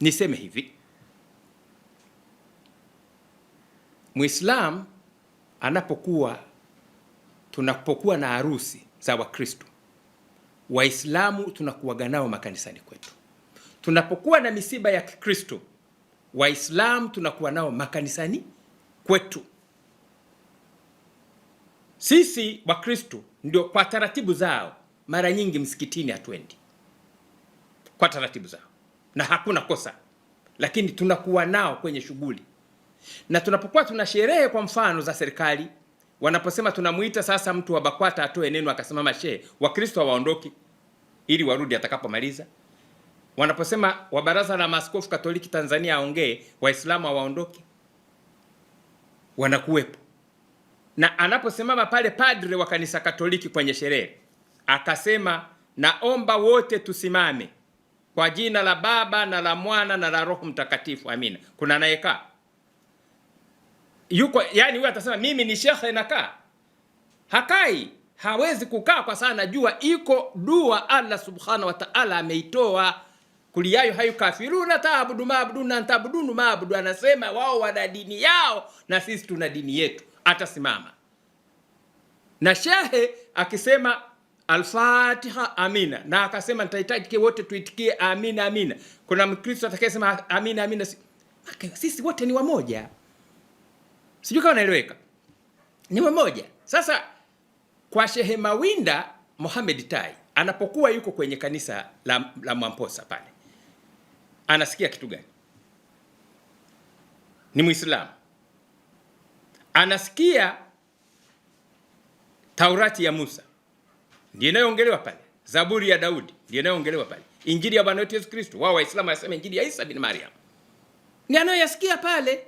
Niseme hivi, Muislam anapokuwa tunapokuwa na harusi za Wakristo, Waislamu tunakuwaga nao makanisani kwetu. Tunapokuwa na misiba ya Kikristo, Waislamu tunakuwa nao makanisani kwetu. Sisi Wakristo ndio kwa taratibu zao, mara nyingi msikitini hatuendi kwa taratibu zao na hakuna kosa, lakini tunakuwa nao kwenye shughuli. Na tunapokuwa tuna sherehe kwa mfano za serikali, wanaposema tunamuita sasa mtu wa BAKWATA atoe neno akasimama shehe, Wakristo hawaondoki ili warudi atakapomaliza. Wanaposema wa Baraza la Maaskofu Katoliki Tanzania aongee, Waislamu hawaondoki, wanakuwepo. Na anaposimama pale padre wa kanisa Katoliki kwenye sherehe akasema, naomba wote tusimame kwa jina la Baba na la Mwana na la Roho Mtakatifu, amina. Kuna anayekaa yuko, yani huyu atasema mimi ni shekhe nakaa? Hakai, hawezi kukaa kwa sana jua iko dua Allah subhanahu wa ta'ala ameitoa kuliayo hayu kafiruna taabudu maabuduna ntaabudunu maabudu. Anasema wao wana dini yao na sisi tuna dini yetu. Atasimama na shehe akisema Alfatiha, amina. Na akasema nitahitaji wote tuitikie amina, amina. Kuna Mkristo atakayesema amina, amina. Sisi wote ni wamoja, sijui kama naeleweka, ni wamoja. Sasa kwa Shehe Mawinda Mohamed Tai anapokuwa yuko kwenye kanisa la, la Mwamposa pale, anasikia kitu gani? Ni Muislamu, anasikia Taurati ya Musa ndiyo inayoongelewa pale. Zaburi ya Daudi ndiyo inayoongelewa pale. Injili ya Bwana wetu Yesu Kristo, wao Waislamu wanasema injili ya Isa bin Maryam, ni anayoyasikia pale.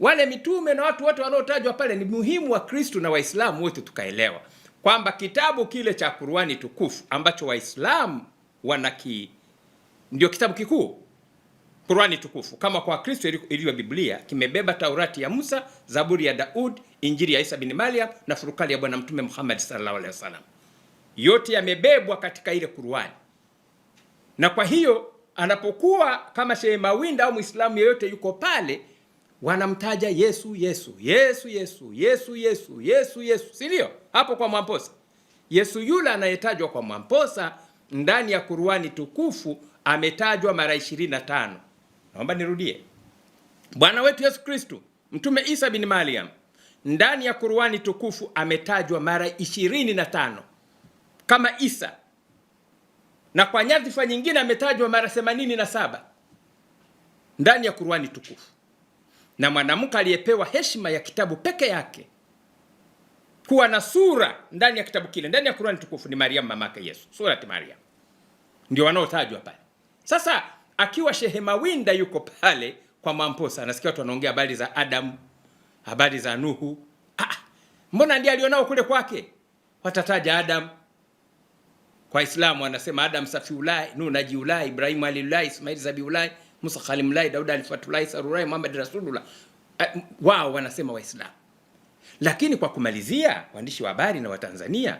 Wale mitume na watu wote wanaotajwa pale ni muhimu wa Kristo na Waislamu wote tukaelewa kwamba kitabu kile cha Qur'ani tukufu ambacho Waislamu wanaki ndio kitabu kikuu Qur'ani tukufu kama kwa Kristo iliyo Biblia kimebeba Taurati ya Musa, Zaburi ya Daud, Injili ya Isa bin Mariam na furukali ya Bwana Mtume Muhammad sallallahu alaihi wasallam yote yamebebwa katika ile Qur'ani. Na kwa hiyo anapokuwa kama shehe Mawinda au Muislamu yeyote yuko pale wanamtaja Yesu Yesu Yesu Yesu Yesu Yesu Yesu Yesu, si ndio? Hapo kwa Mwamposa, Yesu yule anayetajwa kwa Mwamposa ndani ya Qur'ani tukufu ametajwa mara 25. Naomba nirudie, Bwana wetu Yesu kristu Mtume Isa bin Maryam ndani ya Qur'ani tukufu ametajwa mara 25 kama Isa na kwa nyadhifa nyingine ametajwa mara themanini na saba ndani ya Qur'ani tukufu, na mwanamke aliyepewa heshima ya kitabu peke yake kuwa na sura ndani ya kitabu kile ndani ya Qur'ani tukufu ni Mariam, mamake Yesu, surati Mariam, ndio wanaotajwa pale. Sasa akiwa shehema winda yuko pale kwa Mwamposa, anasikia watu wanaongea habari za Adamu, habari za Nuhu. Ah, mbona ndiye alionao kule kwake, watataja Adamu kwa Islamu anasema Adam Safiullah, Nuh Najiullah, Ibrahim Alilullah, Ismail Zabiullah, Musa Khalimullah, Daud Alifatullah, Isa Ruhullah, Muhammad Rasulullah. Eh, wao wanasema Waislamu. Lakini kwa kumalizia, waandishi wa habari na Watanzania,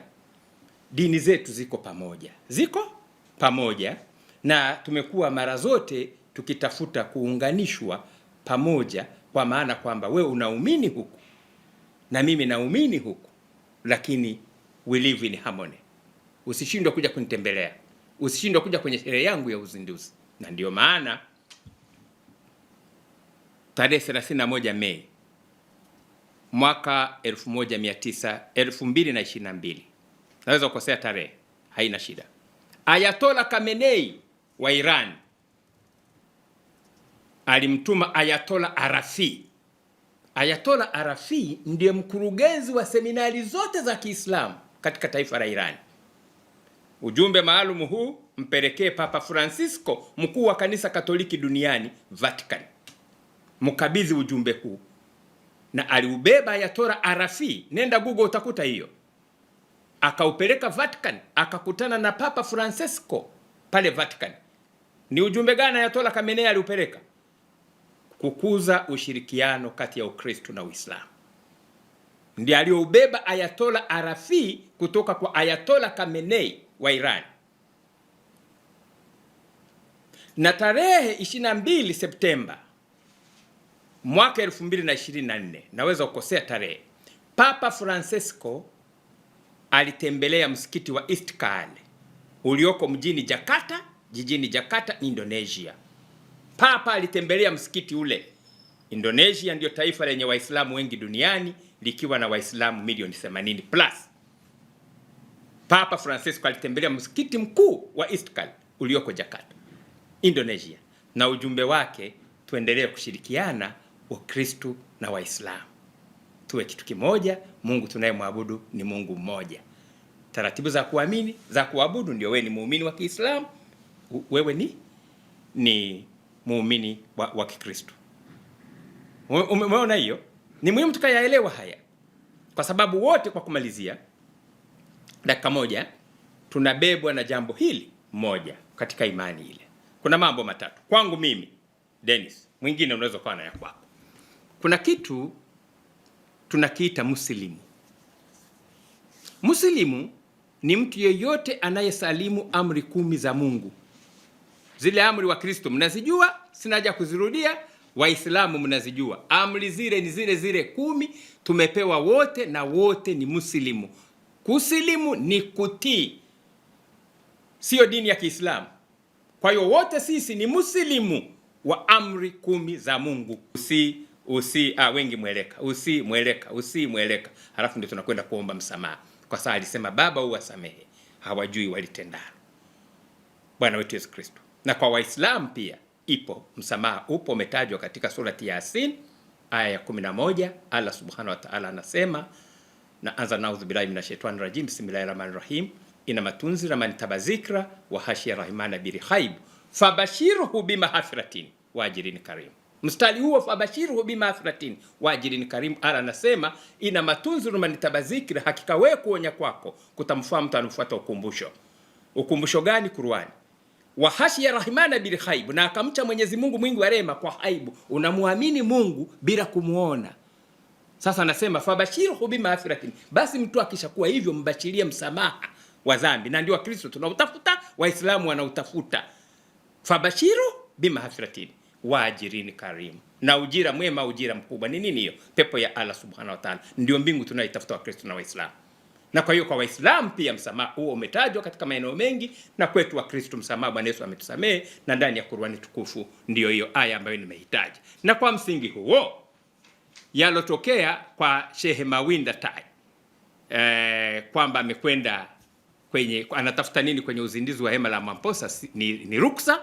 dini zetu ziko pamoja, ziko pamoja, na tumekuwa mara zote tukitafuta kuunganishwa pamoja, kwa maana kwamba we unaumini huku na mimi naumini huku, lakini we live in harmony usishindwe kuja kunitembelea, usishindwe kuja kwenye sherehe yangu ya uzinduzi. Na ndiyo maana tarehe 31 Mei mwaka 1922 naweza kukosea tarehe, haina shida. Ayatola Kamenei wa Iran alimtuma Ayatola Arafi. Ayatola Arafi ndiye mkurugenzi wa seminari zote za Kiislamu katika taifa la Irani. Ujumbe maalum huu mpelekee Papa Francisco, mkuu wa kanisa Katoliki duniani Vatican. Mkabidhi ujumbe huu na aliubeba Ayatollah Arafi, nenda Google utakuta hiyo, akaupeleka Vatican, akakutana na Papa Francisco pale Vatican. Ni ujumbe gani Ayatollah Khamenei aliupeleka? Kukuza ushirikiano kati ya Ukristo na Uislamu ndiyo aliyoubeba Ayatollah Arafi kutoka kwa Ayatollah Khamenei wa Iran na tarehe 22 Septemba mwaka 2024, naweza kukosea tarehe, Papa Francesco alitembelea msikiti wa Istiqlal ulioko mjini Jakarta, jijini Jakarta, Indonesia. Papa alitembelea msikiti ule. Indonesia ndiyo taifa lenye Waislamu wengi duniani likiwa na Waislamu milioni 80 plus. Papa Francisco alitembelea msikiti mkuu wa Istiqlal ulioko Jakarta, Indonesia, na ujumbe wake, tuendelee kushirikiana Wakristu na Waislamu, tuwe kitu kimoja. Mungu tunayemwabudu ni Mungu mmoja. Taratibu za kuamini za kuabudu ndio, wewe ni muumini wa Kiislamu, wewe ni ni muumini wa, wa Kikristo. Umeona hiyo? Ni muhimu tukayaelewa haya, kwa sababu wote, kwa kumalizia dakika moja, tunabebwa na jambo hili moja katika imani ile. Kuna mambo matatu kwangu mimi Dennis, mwingine unaweza kuwa na ya kwako. Kuna kitu tunakiita muslimu. Muslimu ni mtu yeyote anayesalimu amri kumi za Mungu. Zile amri wa Kristo mnazijua, sina haja kuzirudia. Waislamu mnazijua, amri zile ni zile zile kumi, tumepewa wote na wote ni muslimu. Kusilimu ni kutii, siyo dini ya Kiislamu. Kwa hiyo wote sisi ni musilimu wa amri kumi za Mungu, usi usi ah, wengi mweleka usi mweleka usi mweleka, halafu ndio tunakwenda kuomba msamaha, kwa sababu alisema Baba uwasamehe hawajui walitendalo. Bwana wetu Yesu Kristo. Na kwa Waislamu pia ipo msamaha, upo umetajwa katika surati Yasin aya ya 11. Allah subhanahu wa ta'ala anasema Naanza na udhubillahi minashaitani rajim bismillahi rahmani rahim ina matunzi ramani tabazikra wa hashia rahimana bil khaib fabashirhu wa ajrin karim. Mstari huo fabashirhu wa ajrin karim, ala anasema ina matunzi ramani tabazikra, hakika wewe kuonya kwako kutamfaa mtu anafuata ukumbusho. Ukumbusho gani? Qur'ani wa hashia rahimana bil khaib, na akamcha Mwenyezi Mungu mwingi wa rehema kwa haibu. Unamwamini Mungu bila kumuona sasa anasema fabashiruhu bimaghfiratin, basi mtu akishakuwa hivyo mbashirie msamaha wa dhambi, na ndio Wakristo tunautafuta, Waislamu wanautafuta. Fabashiru bimaghfiratin waajirini karimu, na ujira mwema, ujira mkubwa. Ni nini hiyo? Pepo ya Allah subhanahu wa ta'ala, ndio mbingu tunaitafuta Wakristo na Waislamu. Na kwa hiyo kwa Waislamu pia msamaha huo umetajwa katika maeneo mengi, na kwetu Wakristo msamaha Bwana Yesu ametusamehe, na ndani ya Qur'ani tukufu ndio hiyo aya ambayo nimehitaji, na kwa msingi huo yalotokea kwa Shehe Mawinda Tai e, kwamba amekwenda kwenye anatafuta nini kwenye uzinduzi wa hema la Mamposa ni, ni ruksa,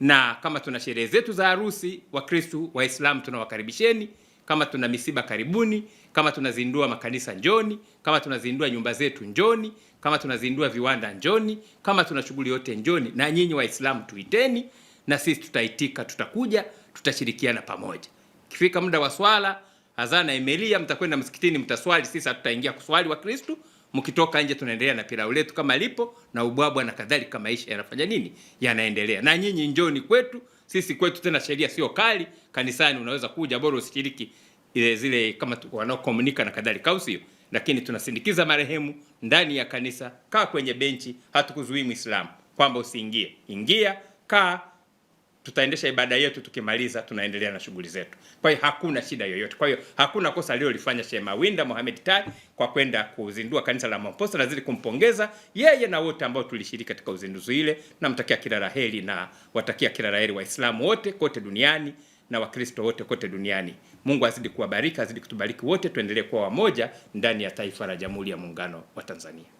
na kama tuna sherehe zetu za harusi, Wakristu Waislamu tunawakaribisheni. Kama tuna misiba karibuni, kama tunazindua makanisa njoni, kama tunazindua nyumba zetu njoni, kama tunazindua viwanda njoni, kama tuna shughuli yote njoni, na nyinyi Waislamu tuiteni, na sisi tutaitika, tutakuja, tutashirikiana pamoja. Kifika muda wa swala azana imelia, mtakwenda msikitini, mtaswali, sisi hatutaingia kuswali wa Kristo. Mkitoka nje, tunaendelea na pilau letu kama lipo na ubwabwa na kadhalika. Maisha yanafanya nini? Yanaendelea. Na nyinyi njoni kwetu, sisi kwetu tena sheria sio kali. Kanisani unaweza kuja, bora usishiriki ile zile kama wanaokomunika na kadhalika, au sio? Lakini tunasindikiza marehemu ndani ya kanisa. Kaa kwenye benchi, hatukuzuii Muislamu kwamba usiingie. Ingia, kaa tutaendesha ibada yetu, tukimaliza tunaendelea na shughuli zetu. Kwa hiyo hakuna shida yoyote. Kwa hiyo hakuna kosa aliyolifanya Sheikh Mawinda Mohamed Tai kwa kwenda kuzindua kanisa la Mamposa. Nazidi kumpongeza yeye na wote ambao tulishiriki katika uzinduzi ile. Namtakia kila la heri na watakia kila la heri Waislamu wote kote duniani na Wakristo wote kote duniani. Mungu azidi kuwabariki, azidi kutubariki wote, tuendelee kuwa wamoja ndani ya taifa la Jamhuri ya Muungano wa Tanzania.